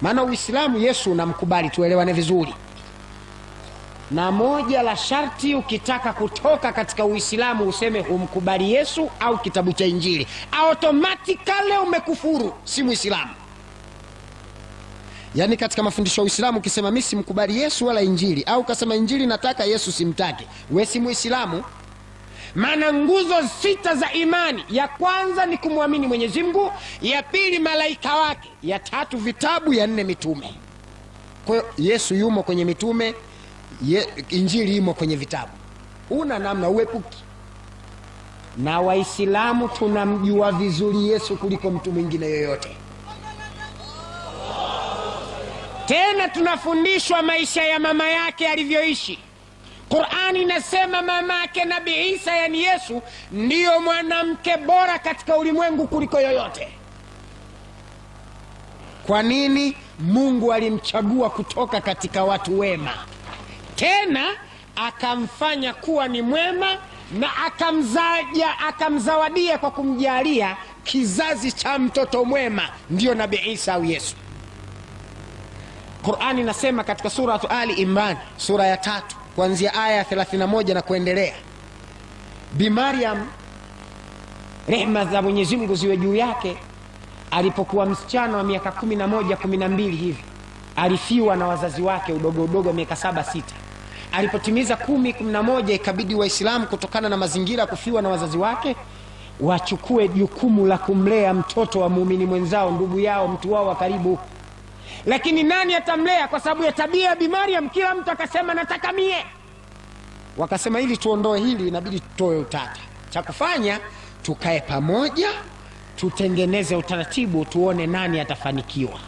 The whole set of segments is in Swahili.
Maana Uislamu Yesu unamkubali, tuelewane vizuri. Na moja la sharti ukitaka kutoka katika Uislamu useme humkubali Yesu au kitabu cha Injili, automatically umekufuru, si Muislamu. Yaani katika mafundisho ya Uislamu ukisema mimi simkubali Yesu wala Injili, au ukasema Injili nataka Yesu simtake we si Muislamu maana nguzo sita za imani, ya kwanza ni kumwamini Mwenyezi Mungu, ya pili malaika wake, ya tatu vitabu, ya nne mitume. kwayo Yesu yumo kwenye mitume ye, injili imo kwenye vitabu, una namna uepuki. Na Waislamu tunamjua vizuri Yesu kuliko mtu mwingine yoyote tena tunafundishwa maisha ya mama yake alivyoishi, Qurani inasema mamake Nabi Isa yani Yesu ndiyo mwanamke bora katika ulimwengu kuliko yoyote. Kwa nini? Mungu alimchagua kutoka katika watu wema, tena akamfanya kuwa ni mwema na akamzaja, akamzawadia kwa kumjalia kizazi cha mtoto mwema, ndiyo Nabi Isa au Yesu. Qurani inasema katika Suratu Ali Imran sura ya tatu kuanzia aya 31 na kuendelea. Bi Maryam, rehma za Mwenyezi Mungu ziwe juu yake, alipokuwa msichana wa miaka na mbili hivi alifiwa na wazazi wake udogo udogo miaka saba sita. Alipotimiza kumi kumi na moja ikabidi Waislamu kutokana na mazingira ya kufiwa na wazazi wake wachukue jukumu la kumlea mtoto wa muumini mwenzao, ndugu yao, mtu wao wa karibu lakini nani atamlea? Kwa sababu ya tabia ya Bi Mariam, kila mtu akasema nataka mie. Wakasema ili tuondoe hili, inabidi tutoe utata. Cha kufanya tukae pamoja, tutengeneze utaratibu, tuone nani atafanikiwa.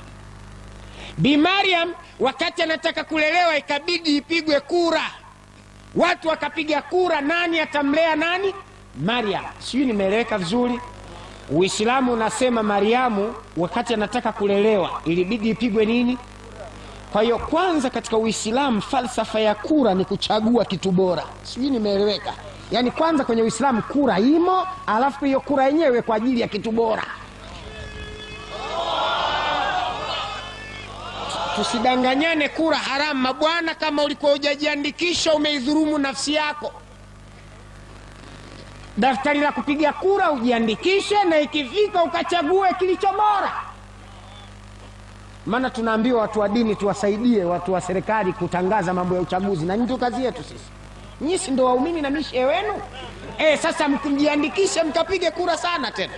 Bi Mariam wakati anataka kulelewa, ikabidi ipigwe kura. Watu wakapiga kura, nani atamlea nani? Mariam. Sijui nimeeleweka vizuri. Uislamu unasema Mariamu wakati anataka kulelewa ilibidi ipigwe nini? Kwa hiyo kwanza, katika Uislamu falsafa ya kura ni kuchagua kitu bora. Sijui nimeeleweka? Yaani kwanza kwenye Uislamu kura imo, alafu hiyo kura yenyewe kwa ajili ya kitu bora. Tusidanganyane, kura haramu mabwana. Kama ulikuwa hujajiandikisha umeidhurumu nafsi yako daftari la kupiga kura ujiandikishe, na ikifika ukachague kilicho bora. Maana tunaambiwa watu wa dini tuwasaidie watu wa serikali kutangaza mambo ya uchaguzi, na ndio kazi yetu sisi. Nyisi ndo waumini na mishe wenu e, eh, sasa mkijiandikishe mkapige kura sana tena,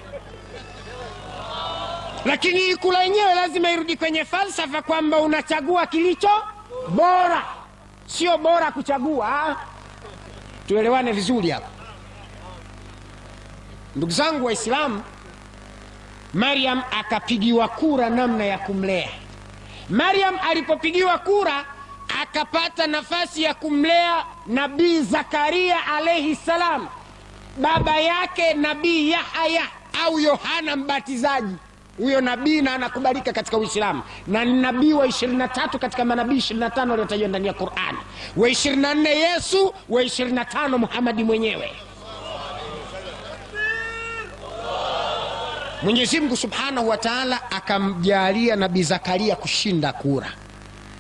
lakini kura yenyewe lazima irudi kwenye falsafa kwamba unachagua kilicho bora, sio bora kuchagua. Ah. Tuelewane vizuri hapa. Ndugu zangu Waislamu, Mariam akapigiwa kura namna ya kumlea. Mariam alipopigiwa kura akapata nafasi ya kumlea Nabii Zakaria alaihi salam, baba yake Nabii Yahaya au Yohana Mbatizaji. Huyo nabii na anakubalika katika Uislamu na ni nabii wa 23 katika manabii 25 waliotajwa ndani ya Qurani, wa 24 Yesu, wa 25 Muhamadi mwenyewe. Mwenyezi Mungu subhanahu wa taala akamjalia Nabii Zakaria kushinda kura.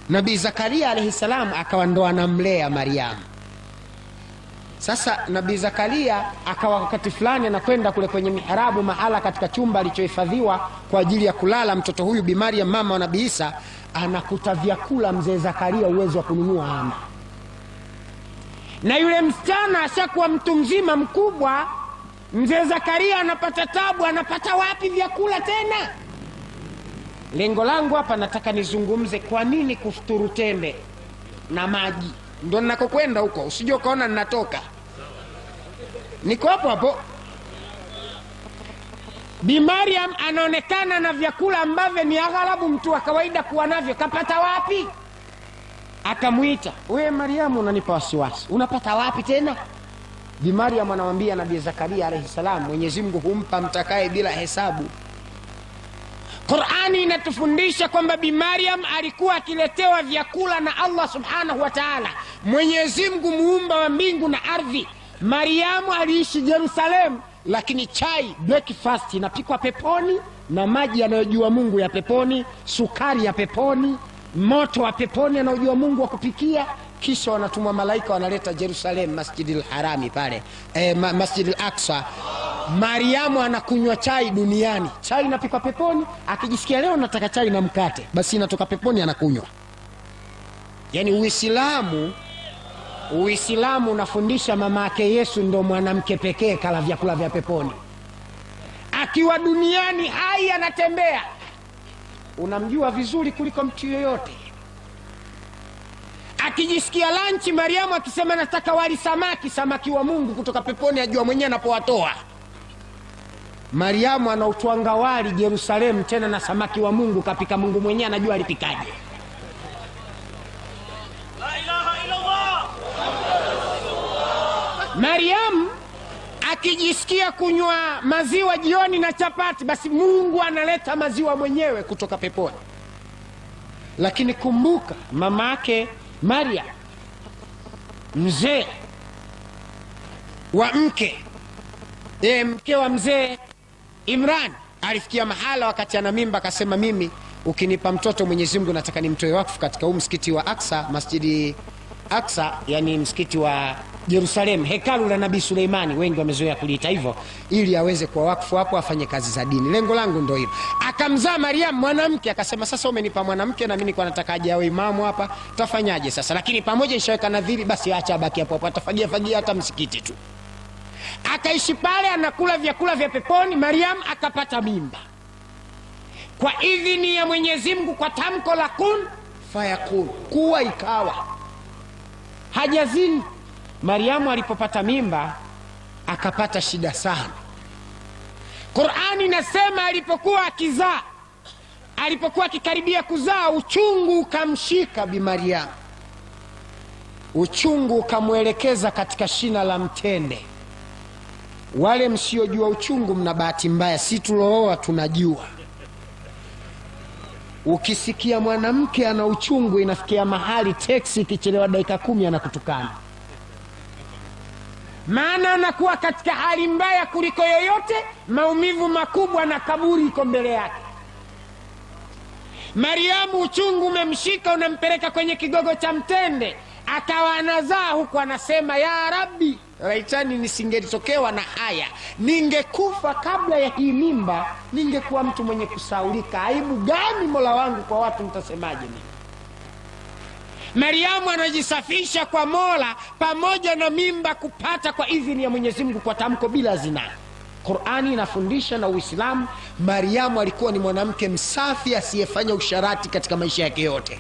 Nabii Zakaria alayhi salam akawa ndo anamlea Mariamu. Sasa Nabii Zakaria akawa wakati fulani anakwenda kule kwenye miharabu, mahala katika chumba alichohifadhiwa kwa ajili ya kulala mtoto huyu Bi Mariam, mama wa Nabii Isa, anakuta vyakula mzee Zakaria uwezo wa kununua hana, na yule msichana ashakuwa mtu mzima mkubwa Mzee Zakaria anapata tabu, anapata wapi vyakula tena? Lengo langu hapa nataka nizungumze kwa nini kufuturu tembe na maji. Ndo ninakokwenda huko, usije ukaona ninatoka, niko hapo hapo. Bi Mariam anaonekana na vyakula ambavyo ni aghalabu mtu wa kawaida kuwa navyo, kapata wapi? Akamwita, we Mariamu, unanipa wasiwasi, unapata wapi tena Bi Mariam anamwambia Nabii Zakaria alayhi salam, Mwenyezi Mungu humpa mtakaye bila hesabu. Qurani inatufundisha kwamba Bi Mariam alikuwa akiletewa vyakula na Allah subhanahu wa taala, Mwenyezi Mungu muumba wa mbingu na ardhi. Mariamu aliishi Jerusalemu, lakini chai breakfast inapikwa peponi na maji yanayojua Mungu ya peponi, sukari ya peponi, moto wa peponi anayojua Mungu wa kupikia kisha wanatumwa malaika wanaleta Jerusalem, Masjidil Harami pale e, ma, Masjidil Aqsa. Mariamu anakunywa chai duniani, chai inapikwa peponi. Akijisikia leo nataka chai na mkate, basi inatoka peponi, anakunywa. Yani Uislamu, Uislamu unafundisha mama yake Yesu ndo mwanamke pekee kala vyakula vya peponi, akiwa duniani hai anatembea, unamjua vizuri kuliko mtu yoyote akijisikia lanchi Mariamu akisema nataka wali samaki, samaki wa Mungu kutoka peponi, ajua mwenyewe anapowatoa. Mariamu anautwanga wali Jerusalemu, tena na samaki wa Mungu kapika Mungu mwenyewe anajua alipikaje. Mariamu akijisikia kunywa maziwa jioni na chapati, basi Mungu analeta maziwa mwenyewe kutoka peponi. Lakini kumbuka mamake Maria mzee wa mke e, mke wa mzee Imran alifikia mahala wakati ana mimba akasema, mimi ukinipa mtoto Mwenyezi Mungu nataka nimtoe wakfu katika huu msikiti wa Aksa, Masjidi Aksa, yani msikiti wa Yerusalemu, hekalu la Nabii Suleimani, wengi wamezoea kuliita hivyo, ili aweze kuwa wakfu hapo, afanye kazi za dini. Lengo langu ndio hilo. Akamzaa Mariam mwanamke, akasema sasa umenipa mwanamke na mimi niko nataka aje awe imamu hapa, tafanyaje sasa? Lakini pamoja nishaweka nadhiri, basi acha abaki hapo hapo, atafagia fagia hata msikiti tu. Akaishi pale, anakula vyakula vya peponi. Mariam akapata mimba kwa idhini ya Mwenyezi Mungu, kwa tamko la kun fayakun, kuwa ikawa, hajazini Mariamu alipopata mimba akapata shida sana. Qurani inasema alipokuwa akizaa, alipokuwa akikaribia kuzaa, uchungu ukamshika Bi Mariamu, uchungu ukamwelekeza katika shina la mtende. Wale msiojua uchungu mna bahati mbaya, si tulooa tunajua. Ukisikia mwanamke ana uchungu, inafikia mahali teksi ikichelewa dakika kumi anakutukana maana anakuwa katika hali mbaya kuliko yoyote, maumivu makubwa na kaburi iko mbele yake. Mariamu, uchungu umemshika, unampeleka kwenye kigogo cha mtende, akawa anazaa huku anasema, ya Rabbi, raitani nisingelitokewa na haya, ningekufa kabla ya hii mimba, ningekuwa mtu mwenye kusaulika. Aibu gani mola wangu, kwa watu mtasemaje mimi? Mariamu anajisafisha kwa Mola pamoja na mimba kupata kwa idhini ya Mwenyezi Mungu kwa tamko bila zinaa. Qurani inafundisha na Uislamu, Mariamu alikuwa ni mwanamke msafi asiyefanya usharati katika maisha yake yote.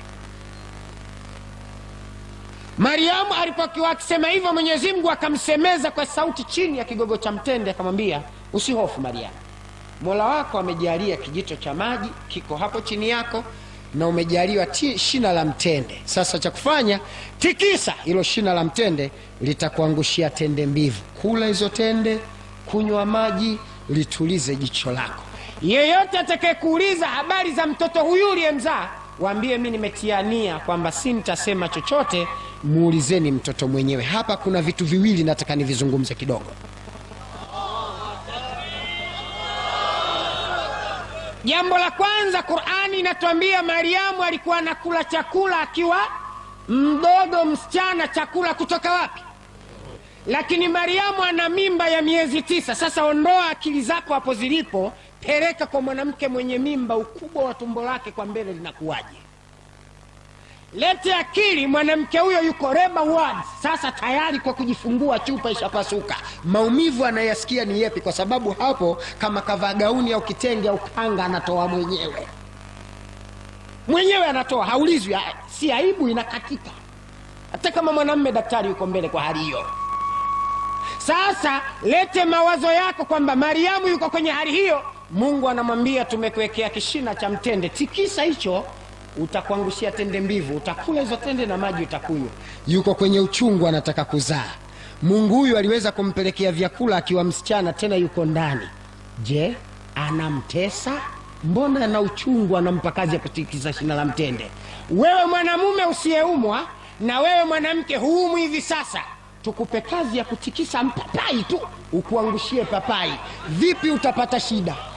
Mariamu alipokiwa akisema hivyo, Mwenyezi Mungu akamsemeza kwa sauti chini ya kigogo cha mtende, akamwambia usihofu Mariamu, Mola wako amejalia kijito cha maji kiko hapo chini yako na umejaliwa shina la mtende. Sasa cha kufanya, tikisa hilo shina la mtende, litakuangushia tende mbivu. Kula hizo tende, kunywa maji, litulize jicho lako. Yeyote atakayekuuliza habari za mtoto huyu uliyemzaa, waambie mi nimetiania kwamba si nitasema chochote, muulizeni mtoto mwenyewe. Hapa kuna vitu viwili nataka nivizungumze kidogo. Jambo la kwanza, Qurani inatuambia Mariamu alikuwa anakula chakula akiwa mdogo msichana, chakula kutoka wapi? Lakini Mariamu ana mimba ya miezi tisa. Sasa ondoa akili zako hapo zilipo, peleka kwa mwanamke mwenye mimba, ukubwa wa tumbo lake kwa mbele linakuwaje? Lete akili, mwanamke huyo yuko reba one. sasa, tayari kwa kujifungua, chupa ishapasuka. Maumivu anayasikia ni yepi? Kwa sababu hapo kama kavaa gauni au kitenge au kanga, anatoa mwenyewe mwenyewe, anatoa haulizwi, ah, si aibu, inakatika. Hata kama mwanamme daktari yuko mbele kwa hali hiyo. Sasa lete mawazo yako kwamba Mariamu yuko kwenye hali hiyo, Mungu anamwambia tumekuwekea kishina cha mtende, tikisa hicho Utakuangushia tende mbivu, utakula hizo tende na maji utakunywa. Yuko kwenye uchungu, anataka kuzaa. Mungu huyu aliweza kumpelekea vyakula akiwa msichana, tena yuko ndani. Je, anamtesa? Mbona ana uchungu, anampa kazi ya kutikisa shina la mtende? Wewe mwanamume usiyeumwa na wewe mwanamke huumwi hivi sasa, tukupe kazi ya kutikisa mpapai tu, ukuangushie papai, vipi utapata shida?